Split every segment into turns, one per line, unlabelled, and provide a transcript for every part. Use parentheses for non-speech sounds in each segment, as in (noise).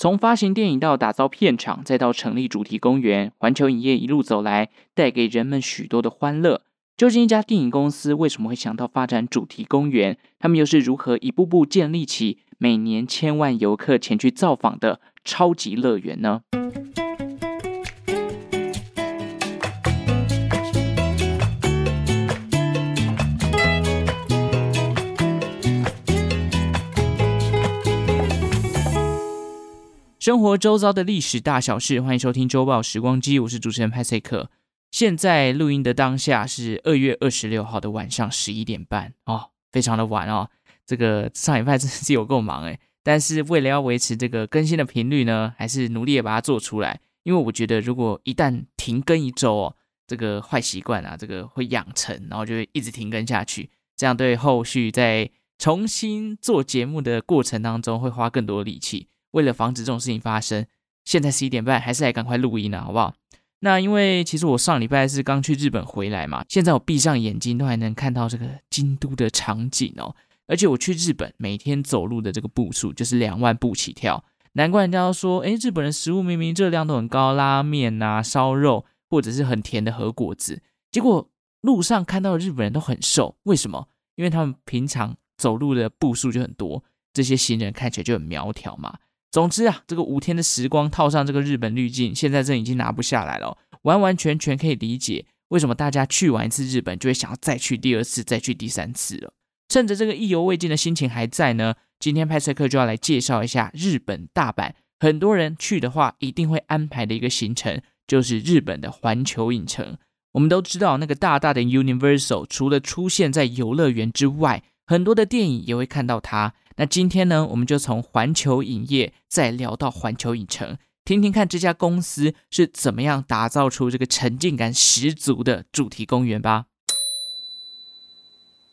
從發行電影到打造片場，再到成立主題公園，環球影業一路走來，帶給人們許多的歡樂。究竟一家電影公司為什麼會想到發展主題公園？他們又是如何一步步建立起每年千萬遊客前去造訪的超級樂園呢？生活周遭的歷史大小事，歡迎收聽週報時光機，我是主持人派翠克。現在錄音的當下是二月二十六號的晚上十一點半哦，非常的晚哦。這個上禮拜真的是有夠忙誒，但是為了要維持這個更新的頻率呢，還是努力把它做出來。因為我覺得，如果一旦停更一周哦，這個壞習慣啊，這個會養成，然後就會一直停更下去。這樣對後續在重新做節目的過程當中會花更多的力氣。為了防止這種事情發生，現在十一點半還是來趕快錄音呢、啊，好不好？那因為其實我上禮拜是剛去日本回來嘛，現在我閉上眼睛都還能看到這個京都的場景哦。而且我去日本每天走路的這個步數就是兩萬步起跳，難怪人家都說，哎，日本人食物明明熱量都很高，拉面啊、燒肉或者是很甜的和果子，結果路上看到的日本人都很瘦，為什麼？因為他們平常走路的步數就很多，這些行人看起來就很苗條嘛。總之啊，這個五天的時光套上這個日本濾鏡，現在這已經拿不下來了哦，完完全全可以理解為什麼大家去完一次日本，就會想要再去第二次、再去第三次了。趁着這個意猶未盡的心情還在呢，今天派翠克就要來介紹一下日本大阪，很多人去的話一定會安排的一個行程，就是日本的環球影城。我們都知道那個大大的 Universal，除了出現在遊樂園之外，很多的電影也會看到它。那今天呢，我們就從環球影業再聊到環球影城，聽聽看這家公司是怎麼樣打造出這個沉浸感十足的主題公園吧。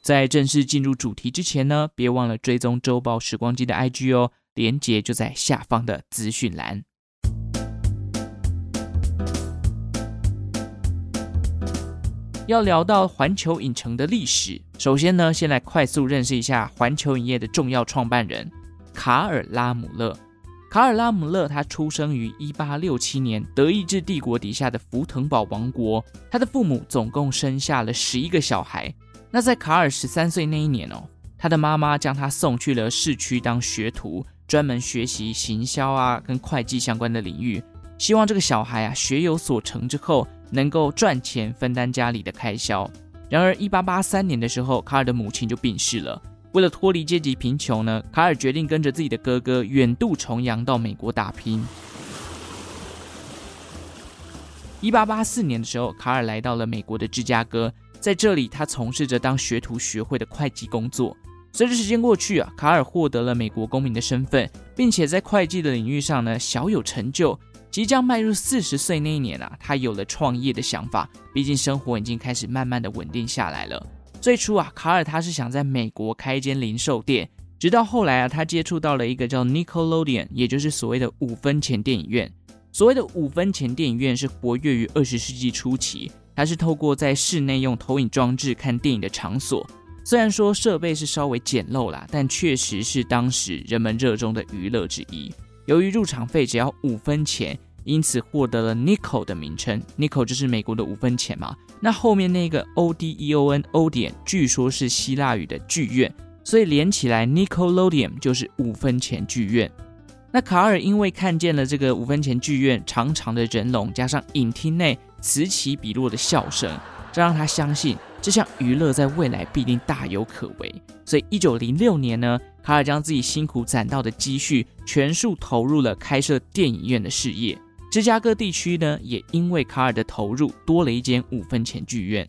在正式進入主題之前呢，別忘了追蹤周報時光機的 IG 哦，連結就在下方的資訊欄。要聊到環球影城的歷史。首先呢，先來快速認識一下環球影業的重要創辦人卡爾拉姆勒。卡爾拉姆勒他出生於一八六七年德意志帝國底下的符騰堡王國。他的父母總共生下了十一個小孩。那在卡爾十三歲那一年哦，他的媽媽將他送去了市區當學徒，專門學習行銷啊跟會計相關的領域，希望這個小孩啊學有所成之後能夠賺錢分擔家裡的開銷。然而，一八八三年的時候，卡爾的母親就病逝了。為了脫離階級貧窮呢，卡爾決定跟着自己的哥哥遠渡重洋到美國打拼。一八八四年的時候，卡爾來到了美國的芝加哥，在這裡，他從事着當學徒學會的會計工作。隨着時間過去啊，卡爾獲得了美國公民的身份，並且在會計的領域上呢，小有成就。即將邁入四十歲那一年啊，他有了創業的想法。畢竟生活已經開始慢慢的穩定下來了。最初啊，卡爾他是想在美國開一間零售店。直到後來啊，他接觸到了一個叫 Nickelodeon，也就是所謂的五分錢電影院。所謂的五分錢電影院是活躍於二十世紀初期，它是透過在室內用投影裝置看電影的場所。雖然說設備是稍微簡陋啦，但確實是當時人們熱衷的娛樂之一。由於入場費只要五分錢，因此獲得了 Nickel 的名稱，Nickel 就是美國的五分錢嘛。那後面那個 O D E O N O 點，據說是希臘語的劇院，所以連起來 Nickelodium 就是五分錢劇院。那卡爾因為看見了這個五分錢劇院，長長的人龍，加上影廳內此起彼落的笑聲，這讓他相信這項娛樂在未來必定大有可為。所以，一九零六年呢，卡爾將自己辛苦攢到的積蓄全數投入了開設電影院的事業。芝加哥地區呢，也因為卡爾的投入，多了一間五分錢劇院。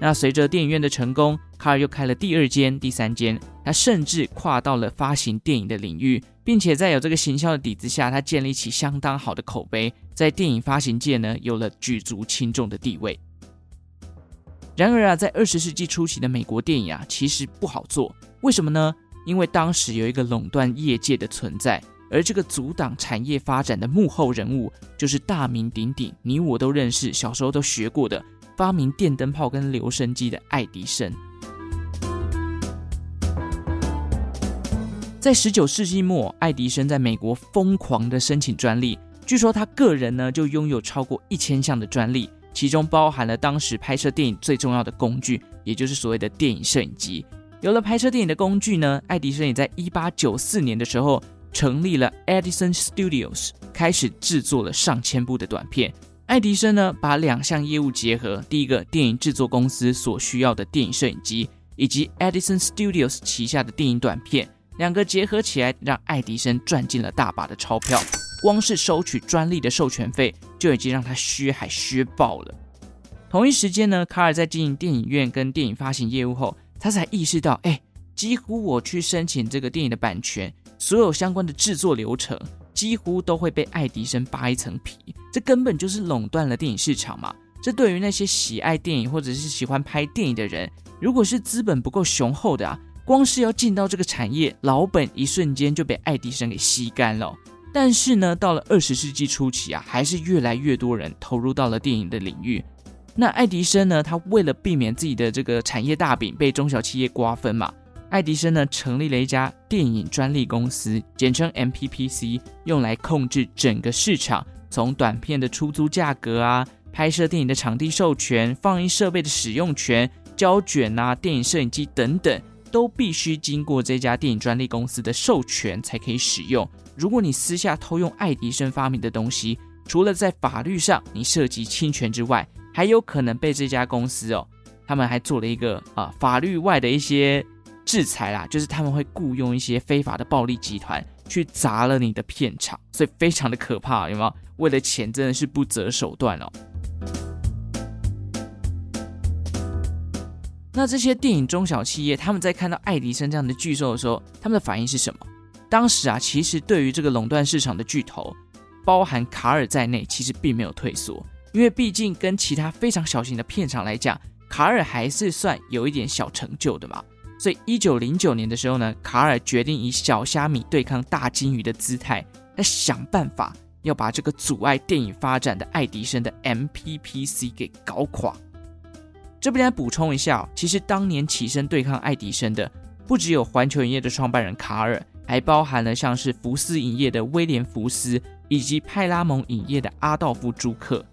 那隨着電影院的成功，卡爾又開了第二間、第三間。他甚至跨到了發行電影的領域，並且在有這個行銷的底子下，他建立起相當好的口碑，在電影發行界呢，有了舉足輕重的地位。然而啊，在二十世紀初期的美國電影啊，其實不好做。為什麼呢？因為當時有一個壟斷業界的存在，而這個阻擋產業發展的幕後人物，就是大名鼎鼎、你我都認識、小時候都學過的發明電燈泡跟留聲機的愛迪生。在十九世紀末，愛迪生在美國瘋狂的申請專利，據說他個人呢就擁有超過一千項的專利。其中包含了當時拍攝電影最重要的工具，也就是所謂的電影攝影機。有了拍攝電影的工具呢，愛迪生也在一八九四年的時候成立了 Edison Studios，開始製作了上千部的短片。愛迪生呢，把兩項業務結合，第一個電影製作公司所需要的電影攝影機，以及 Edison Studios 旗下的電影短片，兩個結合起來，讓愛迪生賺進了大把的鈔票。光是收取專利的授權費。就已經讓他削海削爆了。同一時間呢，卡爾在經營電影院跟電影發行業務後，他才意識到，哎，幾乎我去申請這個電影的版權，所有相關的制作流程，幾乎都會被愛迪生扒一層皮。這根本就是壟斷了電影市場嘛！這對於那些喜愛電影或者是喜歡拍電影的人，如果是資本不夠雄厚的啊，光是要進到這個產業，老本一瞬間就被愛迪生給吸乾了哦。但是呢，到了二十世紀初期啊，還是越來越多人投入到了電影的領域。那愛迪生呢，他為了避免自己的這個產業大餅被中小企業瓜分嘛，愛迪生呢，成立了一家電影專利公司，簡稱 MPPC，用來控制整個市場，從短片的出租價格啊，拍攝電影的場地授權、放映設備的使用權、膠卷啊、電影攝影機等等。都必須經過這家電影專利公司的授權才可以使用。如果你私下偷用愛迪生發明的東西，除了在法律上你涉及侵權之外，還有可能被這家公司哦，他們還做了一個啊法律外的一些制裁啦，就是他們會雇傭一些非法的暴力集團去砸了你的片場，所以非常的可怕，有沒有？為了錢真的是不擇手段哦。那這些電影中小企業，他們在看到愛迪生這樣的巨獸的時候，他們的反應是什麼？當時啊，其實對於這個壟斷市場的巨頭，包含卡爾在內，其實並沒有退縮，因為畢竟跟其他非常小型的片場來講，卡爾還是算有一點小成就的嘛。所以一九零九年的時候呢，卡爾決定以小蝦米對抗大鯨魚的姿態，來想辦法要把這個阻礙電影發展的愛迪生的 MPPC 給搞垮。這邊來補充一下，其實當年起身對抗愛迪生的，不只有環球影業的創辦人卡爾，還包含了像是福斯影業的威廉福斯以及派拉蒙影業的阿道夫朱克。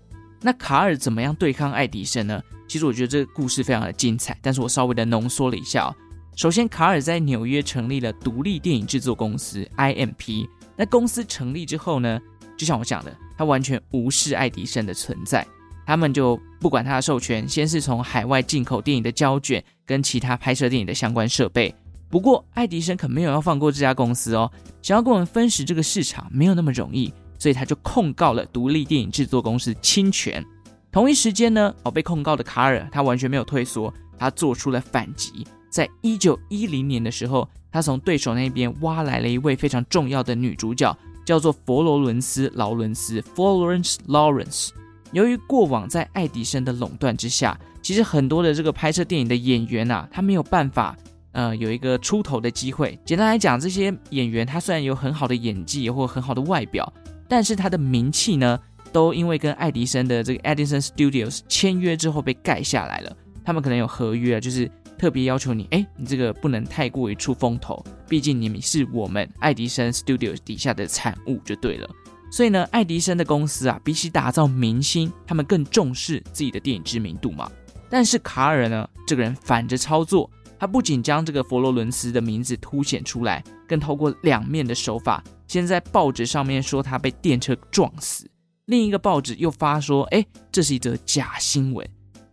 那卡爾怎麼樣對抗愛迪生呢？其實我覺得這個故事非常的精彩，但是我稍微的濃縮了一下哦。首先，卡爾在紐約成立了獨立電影製作公司 IMP。那公司成立之後呢，就像我講的，他完全無視愛迪生的存在。他們就不管他的授權，先是從海外進口電影的膠卷跟其他拍攝電影的相關設備。不過，愛迪生可沒有要放過這家公司哦，想要跟我們分食這個市場，沒有那麼容易，所以他就控告了獨立電影制作公司侵權。同一時間呢，被控告的卡爾，他完全沒有退縮，他做出了反擊。在一九一零年的時候，他從對手那邊挖來了一位非常重要的女主角，叫做佛羅倫斯·勞倫斯 （Florence Lawrence）。由於過往在愛迪生的壟斷之下，其實很多的這個拍攝電影的演員啊，他沒有辦法，呃，有一個出頭的機會。簡單來講，這些演員他雖然有很好的演技或很好的外表，但是他的名氣呢，都因為跟愛迪生的這個 Edison Studios 簽約之後被蓋下來了。他們可能有合約啊，就是特別要求你，哎，你這個不能太過於出風頭，畢竟你們是我們愛迪生 Studios 底下的產物就對了。所以呢，愛迪生的公司啊，比起打造明星，他們更重視自己的電影知名度嘛。但是卡爾呢，這個人反着操作，他不僅將這個佛羅倫斯的名字凸顯出來，更透過兩面的手法，先在報紙上面說他被電車撞死，另一個報紙又發說，哎，這是一則假新聞。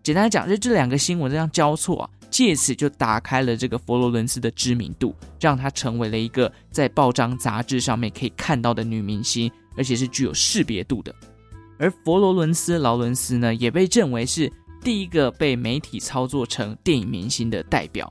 簡單來講，就這兩個新聞這樣交錯啊，借此就打開了這個佛羅倫斯的知名度，讓他成為了一個在報章雜誌上面可以看到的女明星。而且是具有識別度的，而佛羅倫斯·勞倫斯呢，也被認為是第一個被媒體操作成電影明星的代表。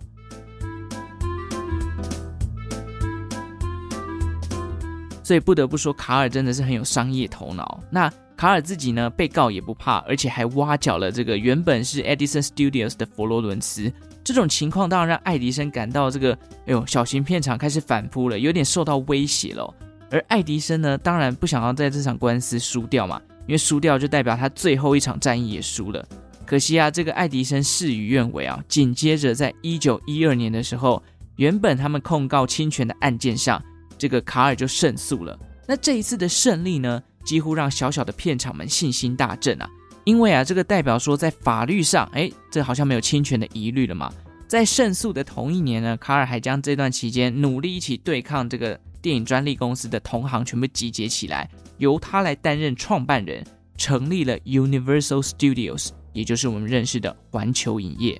所以不得不說，卡爾真的是很有商業頭腦。那卡爾自己呢，被告也不怕，而且還挖角了這個原本是 Edison Studios 的佛羅倫斯。這種情況當然讓愛迪生感到這個，哎呦，小型片場開始反撲了，有點受到威脅了。而愛迪生呢，當然不想要在這場官司輸掉嘛，因為輸掉就代表他最後一場戰役也輸了。可惜啊，這個愛迪生事與願違啊。緊接着，在一九一二年的時候，原本他們控告侵權的案件上，這個卡爾就勝訴了。那這一次的勝利呢，幾乎讓小小的片場們信心大振啊，因為啊，這個代表說在法律上，哎，這好像沒有侵權的疑慮了嘛。在勝訴的同一年呢，卡爾還將這段期間努力一起對抗這個。電影專利公司的同行全部集結起來，由他來擔任創辦人，成立了 Universal Studios，也就是我們認識的環球影業。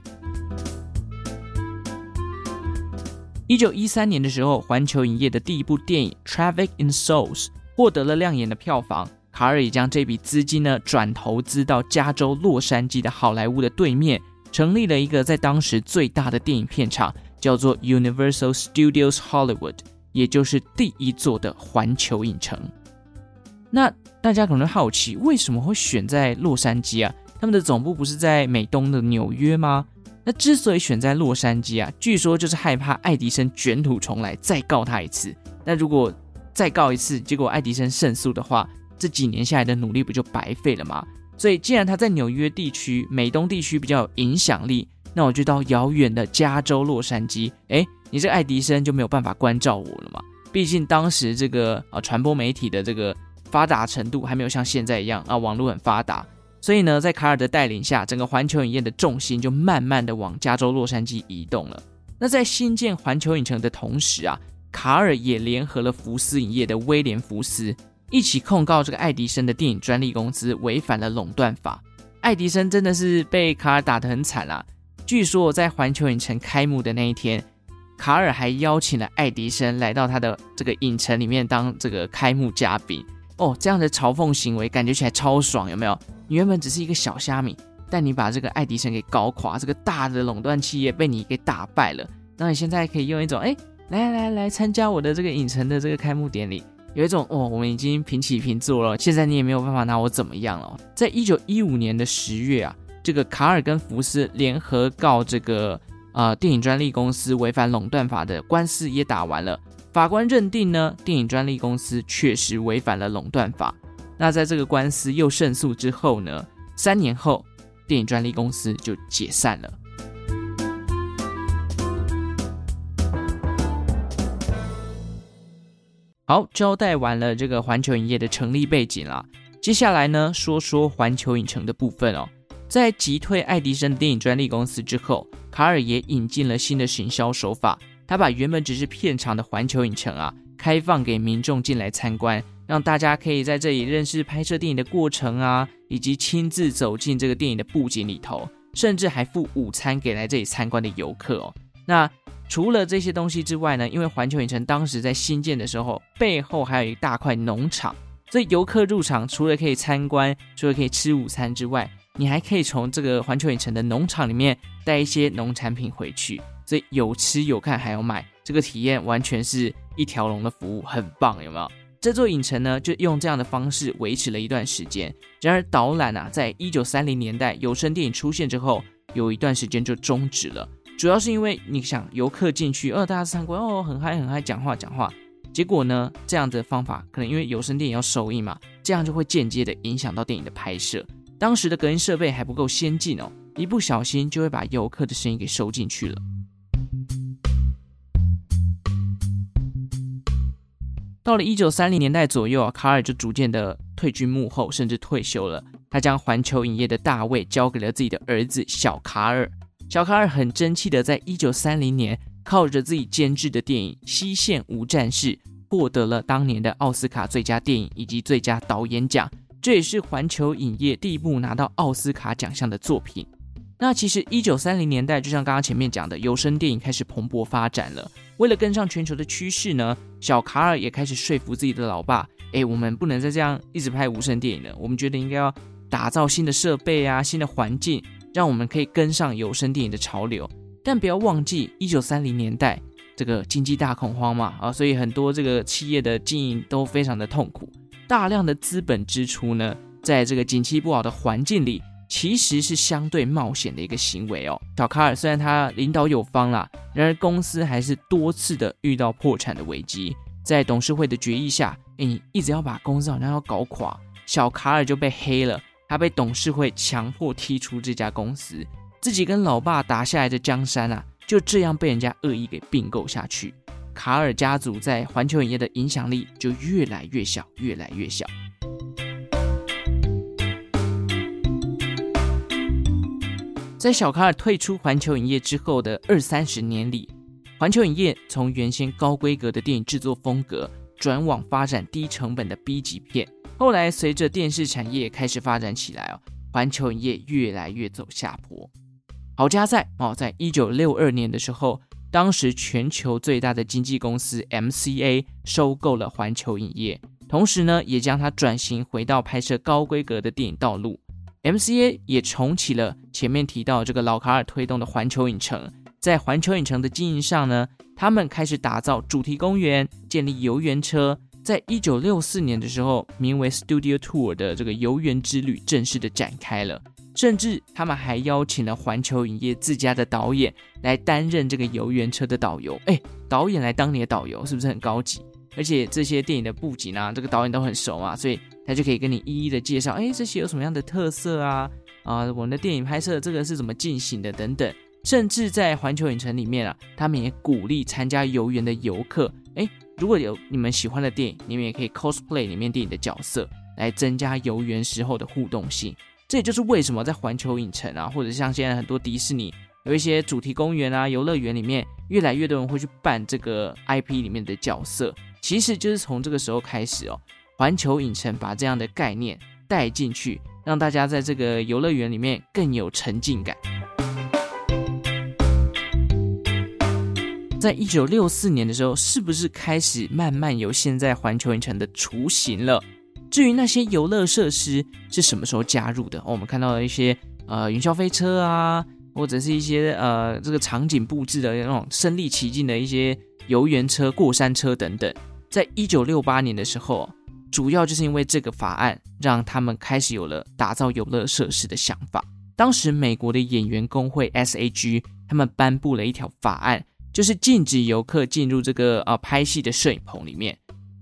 一九一三年的時候，環球影業的第一部電影《Traffic in Souls》獲得了亮眼的票房。卡爾也將這筆資金呢轉投資到加州洛杉磯的好萊塢的對面，成立了一個在當時最大的電影片場，叫做 Universal Studios Hollywood。也就是第一座的環球影城，那大家可能會好奇，為什麼會選在洛杉磯啊？他們的總部不是在美東的紐約嗎？那之所以選在洛杉磯啊，據說就是害怕愛迪生卷土重來，再告他一次。那如果再告一次，結果愛迪生勝訴的話，這幾年下來的努力不就白費了嗎？所以，既然他在紐約地區、美東地區比較有影響力，那我就到遙遠的加州洛杉磯，哎、欸。你這個愛迪生就沒有辦法關照我了嘛。畢竟當時這個呃傳播媒體的這個發達程度還沒有像現在一樣啊，網絡很發達。所以呢，在卡爾的帶領下，整個環球影業的重心就慢慢的往加州洛杉磯移動了。那在新建環球影城的同時啊，卡爾也聯合了福斯影業的威廉福斯一起控告這個愛迪生的電影專利公司違反了壟斷法。愛迪生真的是被卡爾打得很慘啦！據說在環球影城開幕的那一天，卡爾還邀請了愛迪生來到他的這個影城裡面當這個開幕嘉賓。哦，這樣的嘲諷行為感覺起來超爽，有沒有？你原本只是一個小蝦米，但你把這個愛迪生給搞垮，這個大的壟斷企業被你給打敗了，那你現在可以用一種哎、欸，來來來，參加我的這個影城的這個開幕典禮，有一種哦，我們已經平起平坐了，現在你也沒有辦法拿我怎麼樣了。在一九一五年的十月啊，這個卡爾跟福斯聯合告這個。呃，電影專利公司違反壟斷法的官司也打完了，法官認定呢，電影專利公司確實違反了壟斷法。那在這個官司又勝訴之後呢，三年後，電影專利公司就解散了。好，交代完了這個環球影業的成立背景啦。接下來呢，說說環球影城的部分哦。在擊退愛迪生電影專利公司之後，卡爾也引進了新的行銷手法，他把原本只是片場的環球影城啊，開放給民眾進來參觀，讓大家可以在這裡認識拍攝電影的過程啊，以及親自走進這個電影的布景裡頭，甚至還附午餐給來這裡參觀的遊客哦。那除了這些東西之外呢，因為環球影城當時在新建的時候，背後還有一大塊農場，所以遊客入場除了可以參觀，除了可以吃午餐之外，你還可以從這個環球影城的農場裡面帶一些農產品回去，所以有吃有看還有買，這個體驗完全是一條龍的服務，很棒，有沒有？這座影城呢，就用這樣的方式維持了一段時間。然而，導覽啊，在一九三零年代有聲電影出現之後，有一段時間就終止了，主要是因為你想遊客進去，哦，大家參觀，哦，很嗨很嗨，講話講話，結果呢，這樣的方法可能因為有聲電影要收音嘛，這樣就會間接的影響到電影的拍攝。當時的隔音設備還不夠先進哦，一不小心就會把遊客的聲音給收進去了。到了一九三零年代左右啊，卡爾就逐漸的退居幕後，甚至退休了。他將環球影業的大位交給了自己的兒子小卡爾。小卡爾很爭氣的，在一九三零年靠着自己監製的電影《西線無戰事》，獲得了當年的奧斯卡最佳電影以及最佳導演獎。這也是環球影業第一部拿到奧斯卡獎項的作品。那其實一九三零年代，就像剛剛前面講的，有聲電影開始蓬勃發展了。為了跟上全球的趨勢呢，小卡爾也開始說服自己的老爸：“誒，我們不能再這樣一直拍無聲電影了。我們覺得應該要打造新的設備啊，新的環境，讓我們可以跟上有聲電影的潮流。”但不要忘記，一九三零年代這個經濟大恐慌嘛啊，所以很多這個企業的經營都非常的痛苦。大量的資本支出呢，在這個景氣不好的環境裡，其實是相對冒險的一個行為哦。小卡爾雖然他領導有方啦，然而公司還是多次的遇到破產的危機。在董事會的決議下，誒、欸，一直要把公司好像要搞垮，小卡爾就被黑了，他被董事會強迫踢出這家公司，自己跟老爸打下來的江山啊，就這樣被人家惡意給併購下去。卡爾家族在環球影業的影響力就越來越小，越來越小。在小卡爾退出環球影業之後的二三十年裡，環球影業從原先高規格的電影製作風格轉往發展低成本的 B 級片。後來隨着電視產業開始發展起來哦，環球影業越來越走下坡。好家在哦，在一九六二年的時候。當時全球最大的經紀公司 MCA 收購了環球影業，同時呢，也將它轉型回到拍攝高規格的電影道路。MCA 也重啟了前面提到這個老卡爾推動的環球影城，在環球影城的經營上呢，他們開始打造主題公園，建立遊園車。在一九六四年的時候，名為 Studio Tour 的這個遊園之旅正式的展開了，甚至他們還邀請了環球影業自家的導演來擔任這個遊園車的導遊。哎，導演來當你的導遊是不是很高級？而且這些電影的布景啊，這個導演都很熟啊，所以他就可以跟你一一的介紹。哎，這些有什麼樣的特色啊？啊，我們的電影拍攝這個是怎麼進行的等等。甚至在環球影城裡面啊，他們也鼓勵參加遊園的遊客。哎。如果有你們喜歡的電影，你們也可以 cosplay 裡面電影的角色，來增加遊園時候的互動性。這也就是為什麼在環球影城啊，或者像現在很多迪士尼有一些主題公園啊、遊樂園裡面，越來越多人會去扮這個 IP 裡面的角色。其實就是從這個時候開始哦，環球影城把這樣的概念帶進去，讓大家在這個遊樂園裡面更有沉浸感。在一九六四年的時候，是不是開始慢慢有現在環球影城的雛形了？至於那些遊樂設施是什麼時候加入的？哦，我們看到了一些呃雲霄飛車啊，或者是一些呃這個場景布置的那種身臨其境的一些遊園車、過山車等等。在一九六八年的時候，主要就是因為這個法案，讓他們開始有了打造遊樂設施的想法。當時美國的演員工會 SAG 他們頒布了一條法案。就是禁止遊客進入這個呃拍戲的攝影棚裡面，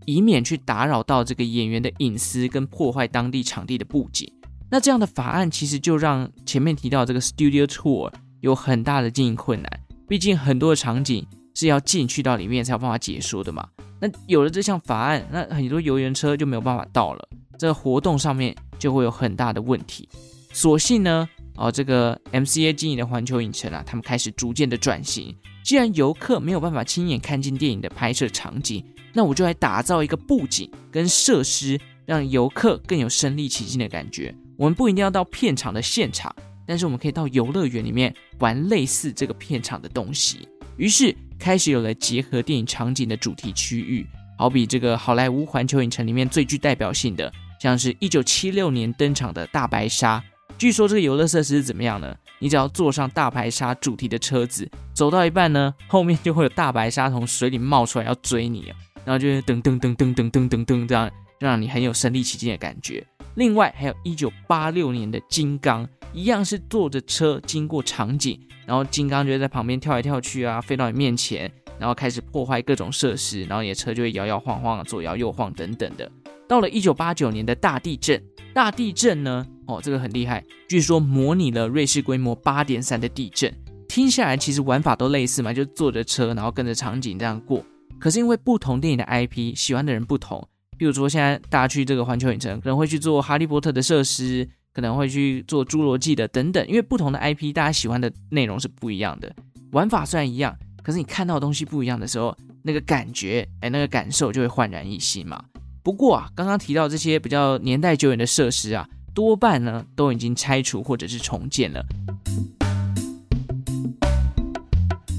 以免去打擾到這個演員的隱私跟破壞當地場地的布景。那這樣的法案其實就讓前面提到這個 Studio Tour 有很大的經營困難，畢竟很多的場景是要進去到裡面才有辦法解說的嘛。那有了這項法案，那很多遊園車就沒有辦法到了，這個活動上面就會有很大的問題。所幸呢。哦，這個 MCA 經營的環球影城啊，他們開始逐漸的轉型。既然遊客沒有辦法親眼看見電影的拍攝場景，那我就來打造一個布景跟設施，讓遊客更有身臨其境的感覺。我們不一定要到片場的現場，但是我們可以到遊樂園裡面玩類似這個片場的東西。於是開始有了結合電影場景的主題區域，好比這個好萊塢環球影城裡面最具代表性的，像是1976年登場的大白鯊。據說這個遊樂設施是怎麼樣呢？你只要坐上大白鯊主題的車子，走到一半呢，後面就會有大白鯊從水裡冒出來要追你，然後就會噔噔噔噔噔噔噔噔這樣讓你很有身臨其境的感覺。另外還有一九八六年的金剛，一樣是坐着車經過場景，然後金剛就在旁邊跳來跳去啊，飛到你面前，然後開始破壞各種設施，然後你的車就會搖搖晃晃、左搖右晃等等的。到了一九八九年的大地震，大地震呢，哦，這個很厲害，據說模擬了芮氏規模八點三的地震。聽下來其實玩法都類似嘛，就坐着車，然後跟着場景這樣過。可是因為不同電影的 IP，喜歡的人不同。比如說現在大家去這個環球影城，可能會去做哈利波特的設施，可能會去做侏羅紀的等等。因為不同的 IP，大家喜歡的內容是不一樣的。玩法雖然一樣，可是你看到東西不一樣的時候，那個感覺哎，那個感受就會煥然一新嘛。不過啊，剛剛提到這些比較年代久遠的設施啊，多半呢，都已經拆除，或者是重建了。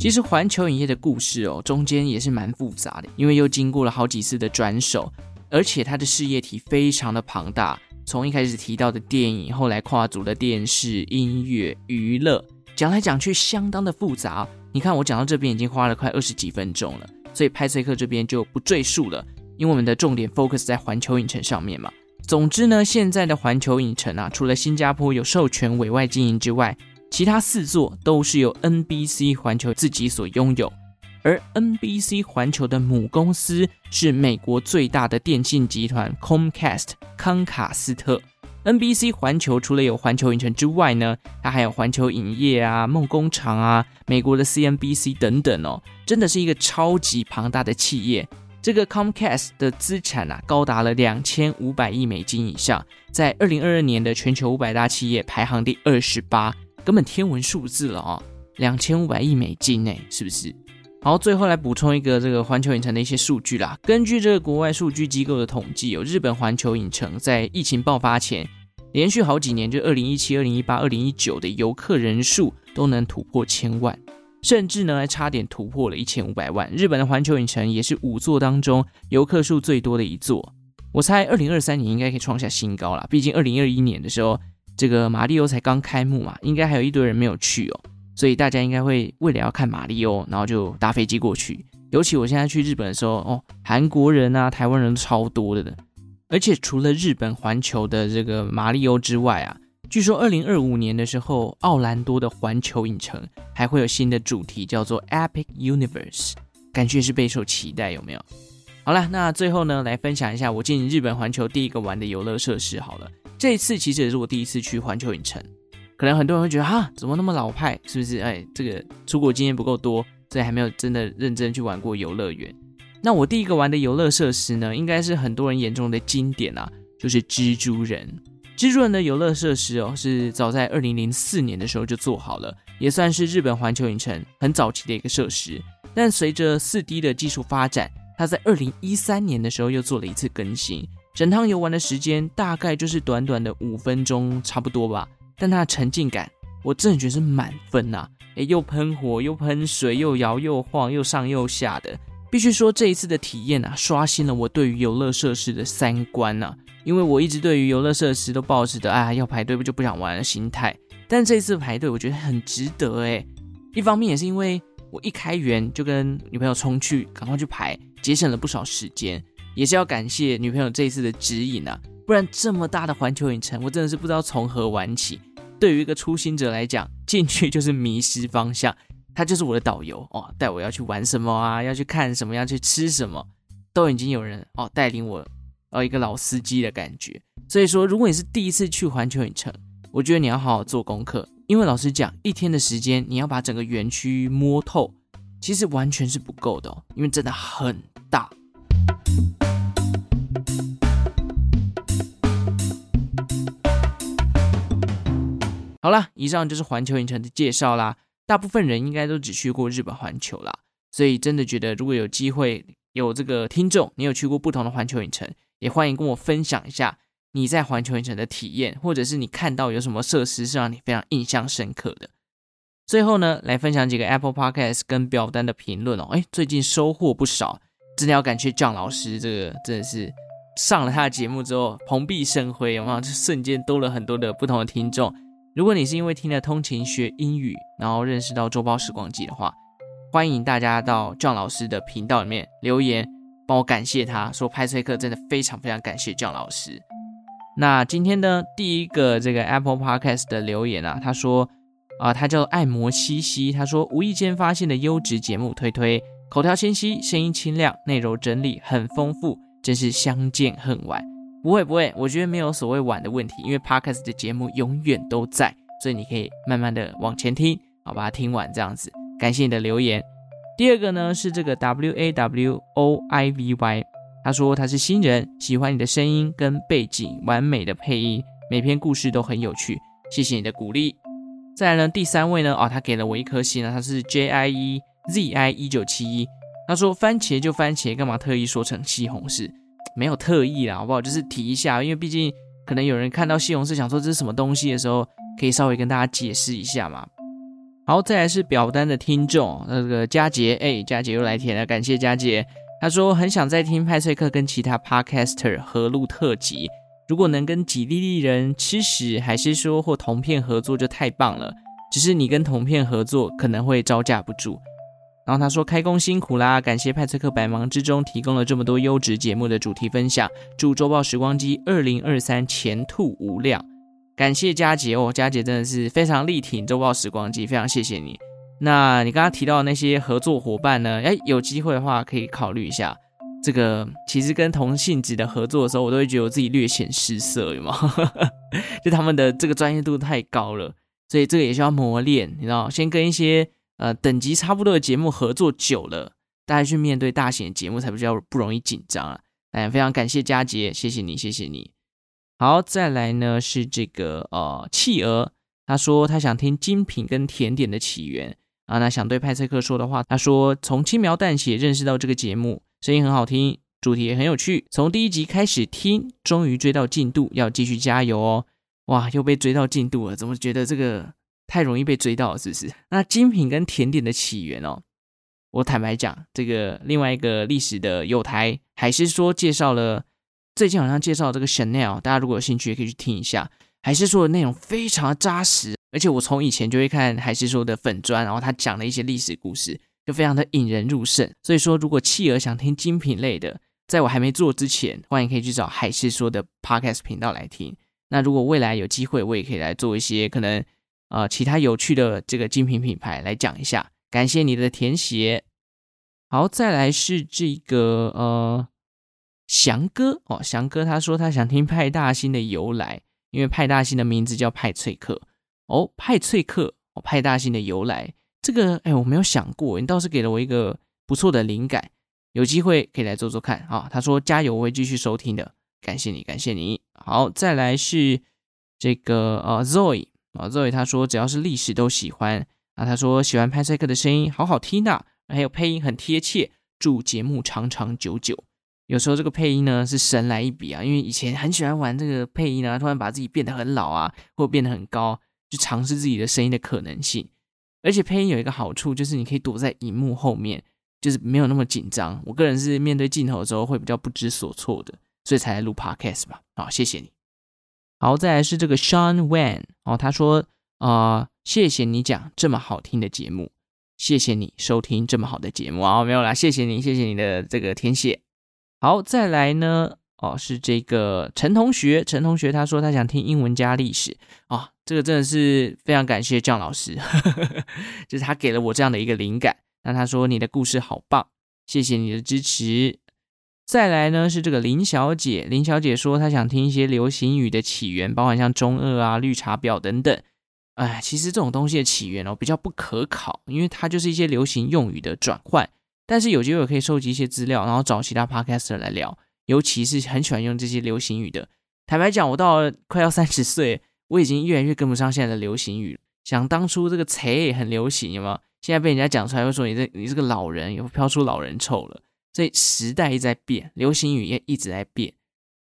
其實環球影業的故事哦，中間也是蠻複雜的，因為又經過了好幾次的轉手，而且它的事業體非常的龐大。從一開始提到的電影，後來跨足了電視、音樂、娛樂，講來講去相當的複雜。你看我講到這邊已經花了快二十幾分鐘了，所以派翠克這邊就不贅述了，因為我們的重點 focus 在環球影城上面嘛。總之呢，現在的環球影城啊，除了新加坡有授權委外經營之外，其他四座都是由 NBC 環球自己所擁有。而 NBC 環球的母公司是美國最大的電信集團 Comcast 康卡斯特。NBC 環球除了有環球影城之外呢，它還有環球影業啊、夢工廠啊、美國的 CNBC 等等哦，真的是一個超級龐大的企業。這個 Comcast 的資產啊，高達了兩千五百億美金以上，在二零二二年的全球五百大企業排行第二十八，根本天文數字了啊、哦！兩千五百億美金誒，是不是？好，最後來補充一個這個環球影城的一些數據啦。根據這個國外數據機構的統計，有日本環球影城在疫情爆發前，連續好幾年，就二零一七、二零一八、二零一九的遊客人數都能突破千萬。甚至呢，還差點突破了一千五百萬。日本的環球影城也是五座當中遊客數最多的一座。我猜二零二三年應該可以創下新高啦，畢竟二零二一年的時候，這個馬里歐才剛開幕嘛，應該還有一堆人沒有去哦。所以大家應該會為了要看馬里歐，然後就搭飛機過去。尤其我現在去日本的時候，哦，韓國人啊、台灣人超多的呢。而且除了日本環球的這個馬里歐之外啊。據說二零二五年的時候，奧蘭多的環球影城還會有新的主題，叫做 Epic Universe，感覺是備受期待，有沒有？好了，那最後呢，來分享一下我進日本環球第一個玩的遊樂設施好了。這一次其實也是我第一次去環球影城，可能很多人會覺得啊，怎麼那麼老派？是不是？哎，這個出國經驗不夠多，所以還沒有真的認真去玩過遊樂園。那我第一個玩的遊樂設施呢，應該是很多人眼中的經典啊，就是蜘蛛人。蜘蛛人的遊樂設施哦，是早在二零零四年的時候就做好了，也算是日本環球影城很早期的一個設施。但隨着四 D 的技術發展，它在二零一三年的時候又做了一次更新。整趟遊玩的時間大概就是短短的五分鐘，差不多吧。但它的沉浸感，我真的覺得是滿分吶！哎，又噴火，又噴水，又搖又晃，又上又下的，必須說這一次的體驗啊，刷新了我對於遊樂設施的三觀吶、啊。因為我一直對於遊樂設施都抱持着啊，要排隊不就不想玩的心態。但這次排隊，我覺得很值得誒。一方面也是因為我一開園就跟女朋友衝去，趕快去排，節省了不少時間。也是要感謝女朋友這一次的指引啊，不然這麼大的環球影城，我真的是不知道從何玩起。對於一個初心者來講，進去就是迷失方向。他就是我的導遊哦，帶我要去玩什麼啊，要去看什麼，要去吃什麼，都已經有人哦帶領我。呃，一個老司機的感覺。所以說，如果你是第一次去環球影城，我覺得你要好好做功課，因為老實講，一天的時間你要把整個園區摸透，其實完全是不夠的哦，因為真的很大。好了，以上就是環球影城的介紹啦。大部分人應該都只去過日本環球啦，所以真的覺得，如果有機會有這個聽眾，你有去過不同的環球影城。也歡迎跟我分享一下你在環球影城的體驗，或者是你看到有什麼設施是讓你非常印象深刻的。最後呢，來分享幾個 Apple Podcast 跟表單的評論哦。哎，最近收穫不少，真的要感謝蔣老師，這個真的是上了他的節目之後，蓬蓽生輝，哇，這瞬間多了很多的不同的聽眾。如果你是因為聽了通勤學英語，然後認識到週報時光機的話，歡迎大家到蔣老師的頻道裡面留言。幫我感謝他，說派翠克真的非常非常感謝姜老師。那今天呢，第一個這個 Apple Podcast 的留言啊，他說啊、呃，他叫愛摩西西，他說，無意間發現的優質節目推推，口條清晰，聲音清亮，內容整理很豐富，真是相見恨晚。不會不會，我覺得沒有所謂晚的問題，因為 Podcast 的節目永遠都在，所以你可以慢慢的往前聽，好把它聽完這樣子。感謝你的留言。第二個呢是這個 W A W O I V Y，他說他是新人，喜歡你的聲音跟背景，完美的配音，每篇故事都很有趣，謝謝你的鼓勵。再來呢，第三位呢，哦，他給了我一顆星呢，他是 J I E Z I 一九七一，他說番茄就番茄，幹嘛特意說成西紅柿？沒有特意啦，好不好？就是提一下，因為畢竟可能有人看到西紅柿想說這是什麼東西的時候，可以稍微跟大家解釋一下嘛。然後再來是表單的聽眾，那個佳杰，哎、欸，佳杰又來填了，感謝佳杰。他說很想再聽派翠克跟其他 podcaster 合錄特輯，如果能跟幾利利人、吃屎還是說或同片合作就太棒了。只是你跟同片合作可能會招架不住。然後他說開工辛苦啦，感謝派翠克百忙之中提供了這麼多優質節目的主題分享，祝週報時光機二零二三前途無量。感謝佳杰哦，佳杰真的是非常力挺《周報時光機》，非常謝謝你。那你剛剛提到那些合作伙伴呢？哎，有機會的話可以考慮一下。這個其實跟同性質的合作的時候，我都會覺得我自己略顯失色，有嗎？ (laughs) 就他們的這個專業度太高了，所以這個也需要磨練，你知道，先跟一些呃等級差不多的節目合作久了，大家去面對大型的節目才比較不容易緊張啊。哎，非常感謝佳杰，謝謝你，謝謝你。好，再來呢是這個呃，企鵝，他說他想聽精品跟甜點的起源啊，那想對派翠克說的話，他說從輕描淡寫認識到這個節目，聲音很好聽，主題也很有趣，從第一集開始聽，終於追到進度，要繼續加油哦。哇，又被追到進度了，怎麼覺得這個太容易被追到了，是不是？那精品跟甜點的起源哦，我坦白講，這個另外一個歷史的友台還是說介紹了。最近好像介紹這個 Chanel，大家如果有興趣也可以去聽一下。海獅說的內容非常扎實，而且我從以前就會看海獅說的粉專，然後他講的一些歷史故事就非常的引人入勝。所以說，如果企鵝想聽精品類的，在我還沒做之前，歡迎可以去找海獅說的 podcast 頻道來聽。那如果未來有機會，我也可以來做一些可能呃其他有趣的這個精品品牌來講一下。感謝你的填寫。好，再來是這個呃。翔哥哦，翔哥他說他想聽派大星的由來，因為派大星的名字叫派翠克哦，派翠克哦，派大星的由來，這個哎我沒有想過，你倒是給了我一個不錯的靈感，有機會可以來做做看啊，哦。他說加油，我會繼續收聽的，感謝你，感謝你。好，再來是這個呃，哦，Zoe 啊，哦，Zoe 他說只要是歷史都喜歡啊，他說喜歡派翠克的聲音，好好聽吶，啊，還有配音很貼切，祝節目長長久久。有時候這個配音呢，是神來一筆啊，因為以前很喜歡玩這個配音啊，突然把自己變得很老啊，或變得很高，就嘗試自己的聲音的可能性。而且配音有一個好處就是你可以躲在熒幕後面，就是沒有那麼緊張。我個人是面對鏡頭的時候會比較不知所措的，所以才來錄 podcast 吧。好，謝謝你。好，再來是這個 Sean Wen 哦，他說啊、呃，謝謝你講這麼好聽的節目，謝謝你收聽這麼好的節目。好，沒有啦，謝謝你，謝謝你的這個填寫。好，再來呢，哦，是這個陳同學，陳同學他說他想聽英文加歷史啊、哦，這個真的是非常感謝姜老師呵呵呵，就是他給了我這樣的一個靈感。那他說你的故事好棒，謝謝你的支持。再來呢是這個林小姐，林小姐說她想聽一些流行語的起源，包含像中二啊、綠茶婊等等。哎，其實這種東西的起源哦比較不可考，因為它就是一些流行用語的轉換。但是有機會可以收集一些資料，然後找其他 podcaster 來聊，尤其是很喜歡用這些流行語的。坦白講，我到了快要三十歲，我已經越來越跟不上現在的流行語。想當初這個“賊”也很流行，有沒有？現在被人家講出來會，又說你這你是個老人，又飄出老人臭了。所以時代一直在變，流行語也一直在變。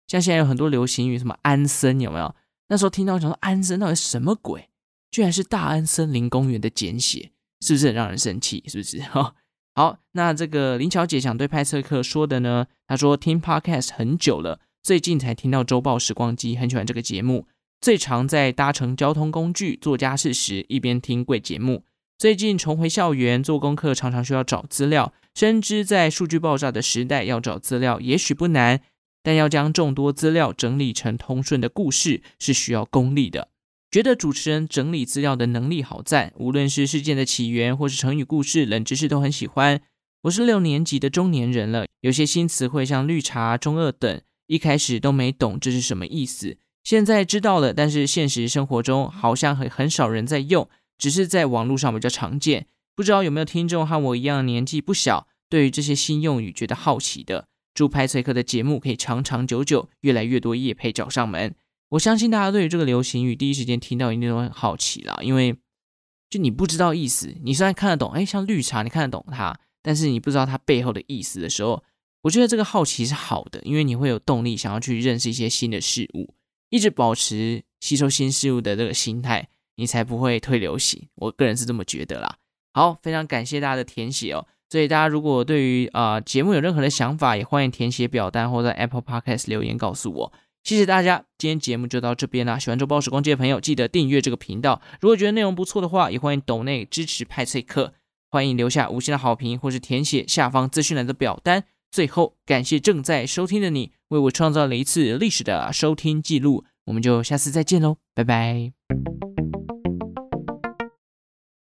像現在有很多流行語，什麼“安森”，有沒有？那時候聽到想說“安森”到底什麼鬼？居然是大安森林公園的簡寫，是不是很讓人生氣？是不是？哈。 (laughs) 好，那這個林小姐想對派翠克說的呢？她說聽 podcast 很久了，最近才聽到周報時光機，很喜歡這個節目。最常在搭乘交通工具做家事時一邊聽貴節目。最近重回校園做功課，常常需要找資料。深知在數據爆炸的時代，要找資料也許不難，但要將眾多資料整理成通順的故事是需要功力的。覺得主持人整理資料的能力好讚，無論是事件的起源或是成語故事、冷知識都很喜歡。我是六年級的中年人了，有些新詞彙像“綠茶”“中二”等，一開始都沒懂這是什麼意思，現在知道了，但是現實生活中好像很很少人在用，只是在網絡上比較常見。不知道有沒有聽眾和我一樣年紀不小，對於這些新用語覺得好奇的？祝派翠克的節目可以長長久久，越來越多業配找上門。我相信大家對於這個流行語第一時間聽到，一定都會好奇啦，因為就你不知道意思，你雖然看得懂，哎，像綠茶你看得懂它，但是你不知道它背後的意思的時候，我覺得這個好奇是好的，因為你會有動力想要去認識一些新的事物，一直保持吸收新事物的這個心態，你才不會退流行。我個人是這麼覺得啦。好，非常感謝大家的填寫哦。所以大家如果對於啊、呃、節目有任何的想法，也歡迎填寫表單或在 Apple Podcast 留言告訴我。謝謝大家，今天節目就到這邊啦。喜歡周報時光機的朋友，記得訂閱這個頻道。如果覺得內容不錯的話，也歡迎抖內支持派翠克，歡迎留下五星的好評，或是填寫下方資訊欄的表單。最後，感謝正在收聽的你，為我創造了一次歷史的收聽記錄。我們就下次再見嘍，拜拜。